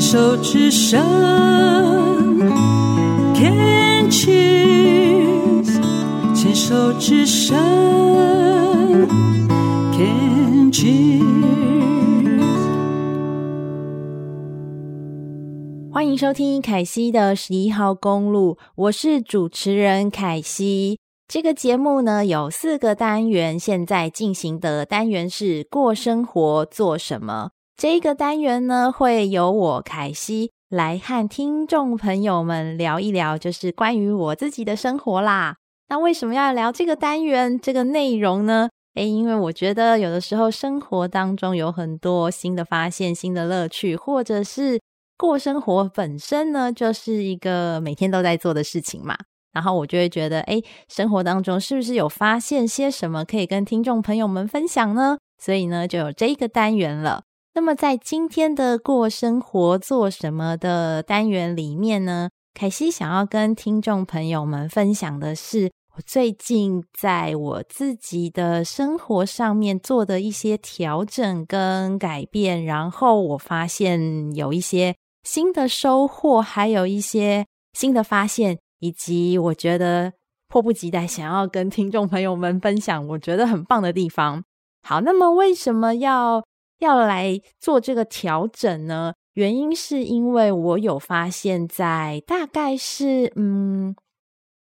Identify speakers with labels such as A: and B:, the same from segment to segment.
A: 牽手之聲，Can cheers。牽手之聲，Can cheers。歡迎收聽凱西的十一號公路，我是主持人凱西。這個節目呢，有四個單元，現在進行的單元是過生活做什麼。這個單元呢，會由我凱西來和聽眾朋友們聊一聊，就是關於我自己的生活啦。那為什麼要聊這個單元，這個內容呢？誒，因為我覺得有的時候生活當中有很多新的發現、新的樂趣，或者是過生活本身呢，就是一個每天都在做的事情嘛。然後我就會覺得，誒，生活當中是不是有發現些什麼可以跟聽眾朋友們分享呢？所以呢，就有這個單元了。那麼，在今天的過生活做什麼的單元裡面呢，凱西想要跟聽眾朋友們分享的是，我最近在我自己的生活上面做的一些調整跟改變，然後我發現有一些新的收穫，還有一些新的發現，以及我覺得迫不及待想要跟聽眾朋友們分享，我覺得很棒的地方。好，那麼為什麼要，要來做這個調整呢？原因是因為我有發現，在大概是嗯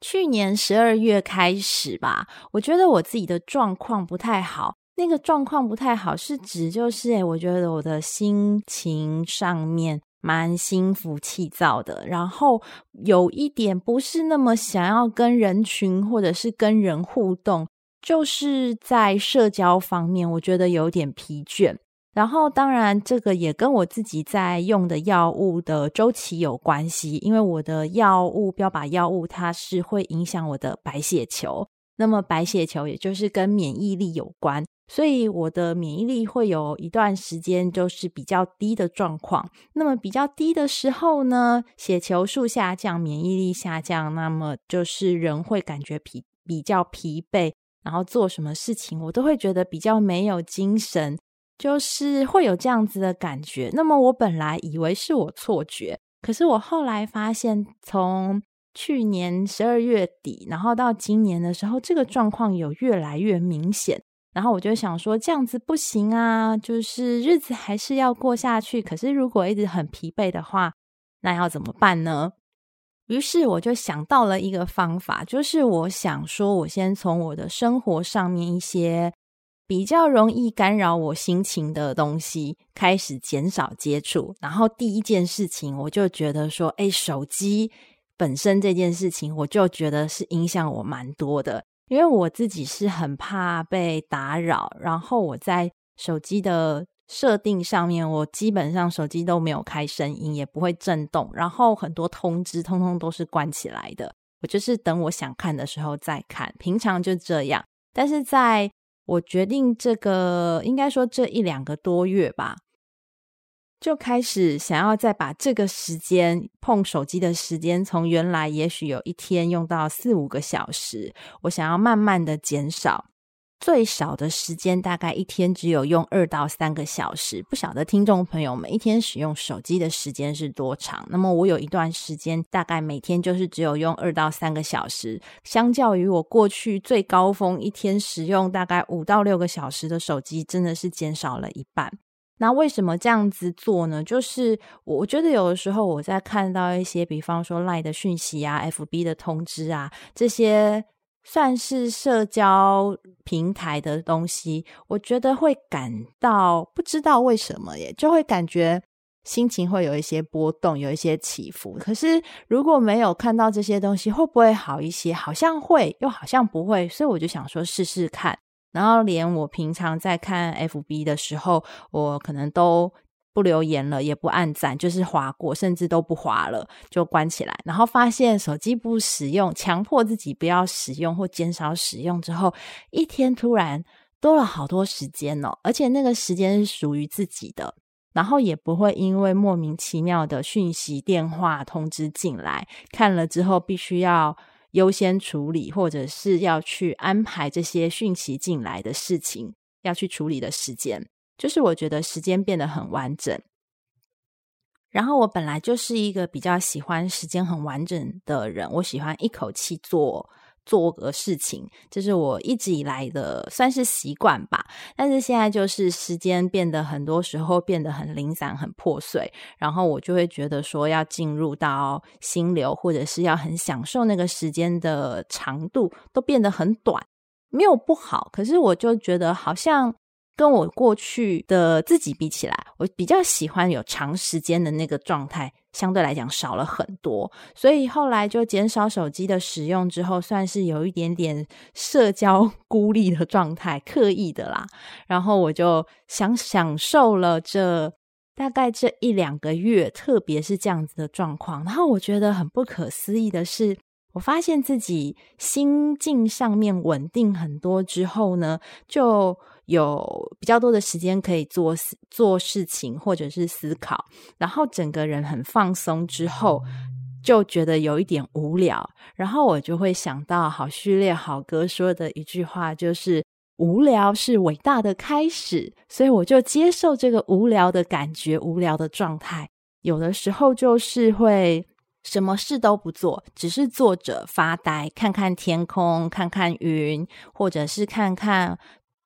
A: 去年十二月開始吧，我覺得我自己的狀況不太好。那個狀況不太好是指，就是哎，我覺得我的心情上面蠻心浮氣躁的，然後有一點不是那麼想要跟人群或者是跟人互動，就是在社交方面，我覺得有點疲倦。然後，當然，這個也跟我自己在用的藥物的周期有關係，因為我的藥物標靶藥物它是會影響我的白血球，那麼白血球也就是跟免疫力有關，所以我的免疫力會有一段時間就是比較低的狀況。那麼比較低的時候呢，血球數下降，免疫力下降，那麼就是人會感覺疲，比較疲憊，然後做什麼事情我都會覺得比較沒有精神。就是會有這樣子的感覺，那麼我本來以為是我錯覺，可是我後來發現，從去年十二月底，然後到今年的時候，這個狀況有越來越明顯。然後我就想說，這樣子不行啊，就是日子還是要過下去，可是如果一直很疲憊的話，那要怎麼辦呢？於是我就想到了一個方法，就是我想說，我先從我的生活上面一些。比較容易干擾我心情的東西開始減少接觸，然後第一件事情我就覺得說，哎、欸，手機本身這件事情，我就覺得是影響我蠻多的，因為我自己是很怕被打擾，然後我在手機的設定上面，我基本上手機都沒有開聲音，也不會震動，然後很多通知通通都是關起來的，我就是等我想看的時候再看，平常就這樣，但是在。我決定這個，應該說這一兩個多月吧，就開始想要再把這個時間碰手機的時間，從原來也許有一天用到四五個小時，我想要慢慢的減少。最少的時間大概一天只有用二到三個小時，不曉得聽眾朋友們一天使用手機的時間是多長？那麼我有一段時間大概每天就是只有用二到三個小時，相較於我過去最高峰一天使用大概五到六個小時的手機，真的是減少了一半。那為什麼這樣子做呢？就是我覺得有的時候我在看到一些，比方說 LINE 的訊息啊、FB 的通知啊這些。算是社交平台的東西，我覺得會感到不知道為什麼耶，就會感覺心情會有一些波動，有一些起伏。可是如果沒有看到這些東西，會不會好一些？好像會，又好像不會。所以我就想說試試看。然後連我平常在看 FB 的時候，我可能都。不留言了，也不按讚，就是滑過，甚至都不滑了，就關起來。然後發現手機不使用，強迫自己不要使用或減少使用之後，一天突然多了好多時間哦，而且那個時間是屬於自己的，然後也不會因為莫名其妙的訊息、電話通知進來，看了之後必須要優先處理，或者是要去安排這些訊息進來的事情要去處理的時間。就是我覺得時間變得很完整，然後我本來就是一個比較喜歡時間很完整的人，我喜歡一口氣做做個事情，這、就是我一直以來的算是習慣吧。但是現在就是時間變得很多時候變得很零散、很破碎，然後我就會覺得說要進入到心流，或者是要很享受那個時間的長度，都變得很短，沒有不好，可是我就覺得好像。跟我過去的自己比起來，我比較喜歡有長時間的那個狀態，相對來講少了很多。所以後來就減少手機的使用之後，算是有一點點社交孤立的狀態，刻意的啦。然後我就想享受了這大概這一兩個月，特別是這樣子的狀況。然後我覺得很不可思議的是，我發現自己心境上面穩定很多之後呢，就。有比較多的時間可以做做事情，或者是思考，然後整個人很放鬆之後，就覺得有一點無聊，然後我就會想到好序列好哥說的一句話，就是無聊是偉大的開始，所以我就接受這個無聊的感覺、無聊的狀態，有的時候就是會什麼事都不做，只是坐着發呆，看看天空，看看雲，或者是看看。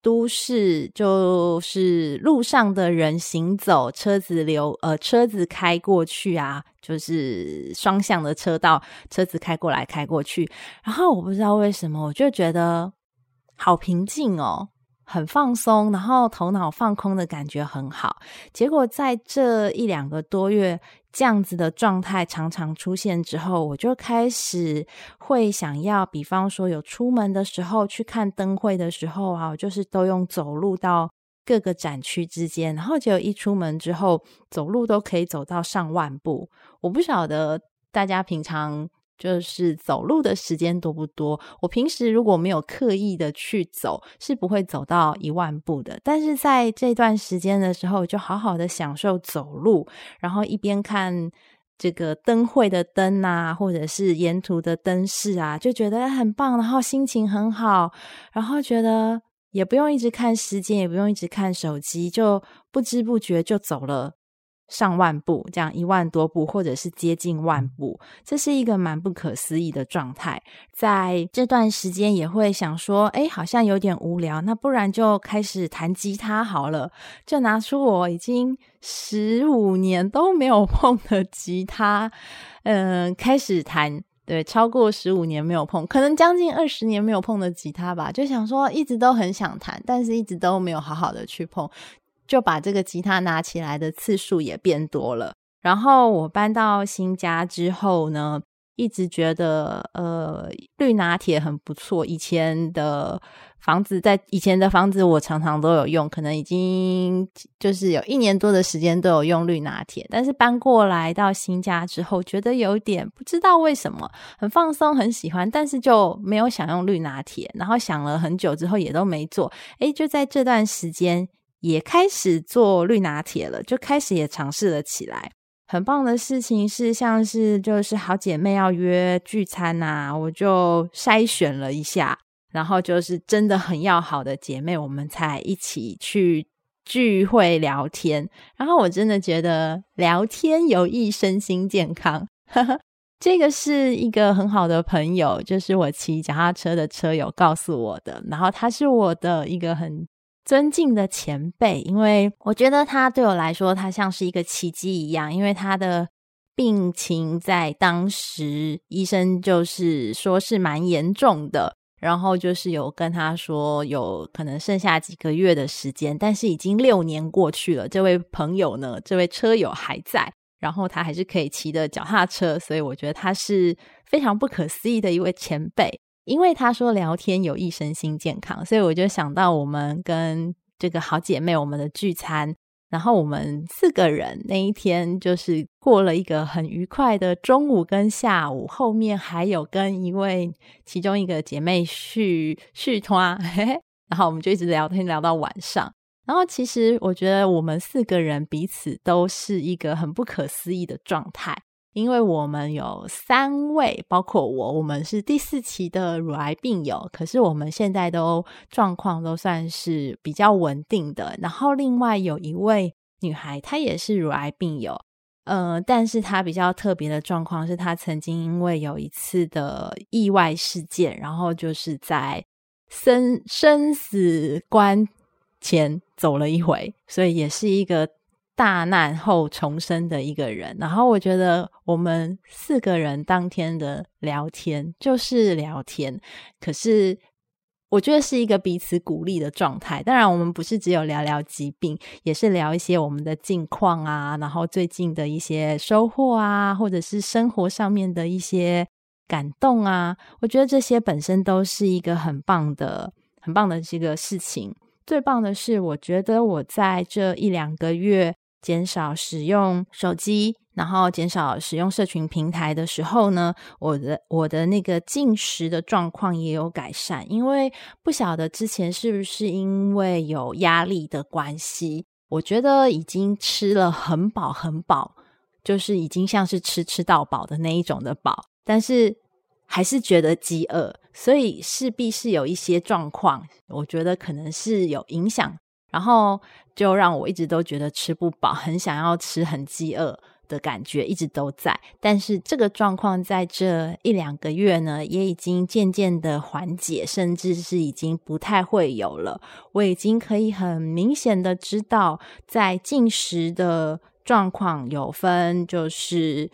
A: 都市就是路上的人行走，車子流，呃，車子開過去啊，就是雙向的車道，車子開過來，開過去。然後我不知道為什麼，我就覺得好平靜哦。很放鬆，然後頭腦放空的感覺很好。結果在這一兩個多月這樣子的狀態常常出現之後，我就開始會想要，比方說有出門的時候去看燈會的時候啊，就是都用走路到各個展區之間，然後結果一出門之後走路都可以走到上萬步。我不曉得大家平常，就是走路的時間多不多？我平時如果沒有刻意的去走，是不會走到一萬步的。但是在這段時間的時候，就好好的享受走路，然後一邊看這個燈會的燈啊，或者是沿途的燈飾啊，就覺得很棒，然後心情很好，然後覺得也不用一直看時間，也不用一直看手機，就不知不覺就走了。上萬步，這樣一萬多步，或者是接近萬步，這是一個蠻不可思議的狀態。在這段時間，也會想說，哎，好像有點無聊，那不然就開始彈吉他好了，就拿出我已經十五年都沒有碰的吉他，嗯、呃，開始彈。對，超過十五年沒有碰，可能將近二十年沒有碰的吉他吧，就想說一直都很想彈，但是一直都沒有好好的去碰。就把這個吉他拿起來的次數也變多了。然後我搬到新家之後呢，一直覺得呃綠拿鐵很不錯。以前的房子，在以前的房子，我常常都有用，可能已經就是有一年多的時間都有用綠拿鐵。但是搬過來到新家之後，覺得有點不知道為什麼很放鬆，很喜歡，但是就沒有想用綠拿鐵。然後想了很久之後也都沒做。哎，就在這段時間。也開始做綠拿鐵了，就開始也嘗試了起來。很棒的事情是，像是就是好姐妹要約聚餐吶、啊，我就篩選了一下，然後就是真的很要好的姐妹，我們才一起去聚會聊天。然後我真的覺得聊天有益身心健康，呵呵，這個是一個很好的朋友，就是我騎腳踏車的車友告訴我的。然後他是我的一個很。尊敬的前輩，因為我覺得他對我來說，他像是一個奇蹟一樣。因為他的病情在當時，醫生就是說是蠻嚴重的，然後就是有跟他說有可能剩下幾個月的時間，但是已經六年過去了，這位朋友呢，這位車友還在，然後他還是可以騎著腳踏車，所以我覺得他是非常不可思議的一位前輩。因為他說聊天有益身心健康，所以我就想到我們跟這個好姐妹我們的聚餐，然後我們四個人那一天就是過了一個很愉快的中午跟下午，後面還有跟一位其中一個姐妹續續攤，嘿嘿，然後我們就一直聊天聊到晚上。然後其實我覺得我們四個人彼此都是一個很不可思議的狀態。因為我們有三位，包括我，我們是第四期的乳癌病友，可是我們現在都狀況都算是比較穩定的。然後另外有一位女孩，她也是乳癌病友，呃，但是她比較特別的狀況是，她曾經因為有一次的意外事件，然後就是在生生死關前走了一回，所以也是一個。大難後重生的一個人，然後我覺得我們四個人當天的聊天就是聊天，可是我覺得是一個彼此鼓勵的狀態。當然，我們不是只有聊聊疾病，也是聊一些我們的近況啊，然後最近的一些收穫啊，或者是生活上面的一些感動啊。我覺得這些本身都是一個很棒的、很棒的這個事情。最棒的是，我覺得我在這一兩個月。減少使用手機，然後減少使用社群平台的時候呢，我的我的那個進食的狀況也有改善。因為不曉得之前是不是因為有壓力的關係，我覺得已經吃了很飽很飽，就是已經像是吃吃到飽的那一種的飽，但是還是覺得飢餓，所以勢必是有一些狀況，我覺得可能是有影響。然後就讓我一直都覺得吃不飽，很想要吃，很飢餓的感覺一直都在。但是這個狀況在這一兩個月呢，也已經漸漸的緩解，甚至是已經不太會有了。我已經可以很明顯的知道，在進食的狀況有分，就是。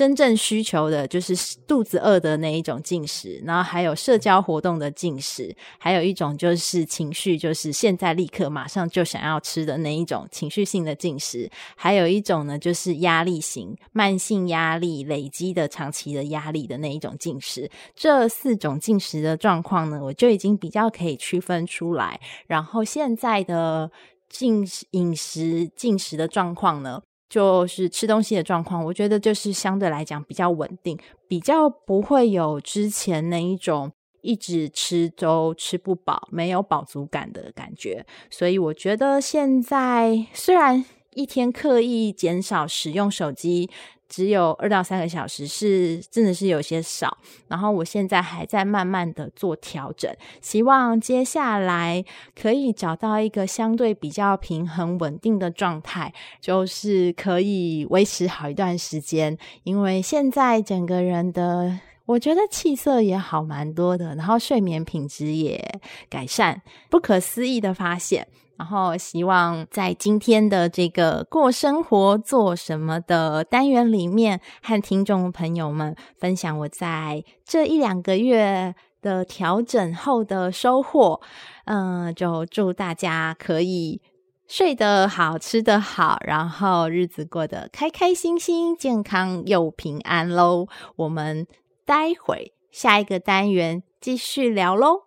A: 真正需求的就是肚子餓的那一種進食，然後還有社交活動的進食，還有一種就是情緒，就是現在立刻馬上就想要吃的那一種情緒性的進食，還有一種呢就是壓力型，慢性壓力累積的長期的壓力的那一種進食。這四種進食的狀況呢，我就已經比較可以區分出來。然後現在的進食，飲食，進食的狀況呢，就是吃東西的狀況，我覺得就是相對來講比較穩定，比較不會有之前那一種一直吃都吃不飽、沒有飽足感的感覺。所以我覺得現在雖然一天刻意減少使用手機。只有二到三個小時是真的是有些少，然後我現在還在慢慢的做調整，希望接下來可以找到一個相對比較平衡穩定的狀態，就是可以維持好一段時間。因為現在整個人的我覺得氣色也好蠻多的，然後睡眠品質也改善，不可思議的發現。然後，希望在今天的這個過生活做什麼的單元裡面，和聽眾朋友們分享我在這一兩個月的調整後的收穫。嗯，就祝大家可以睡得好，吃得好，然後日子過得開開心心、健康又平安嘍。我們待會下一個單元繼續聊嘍。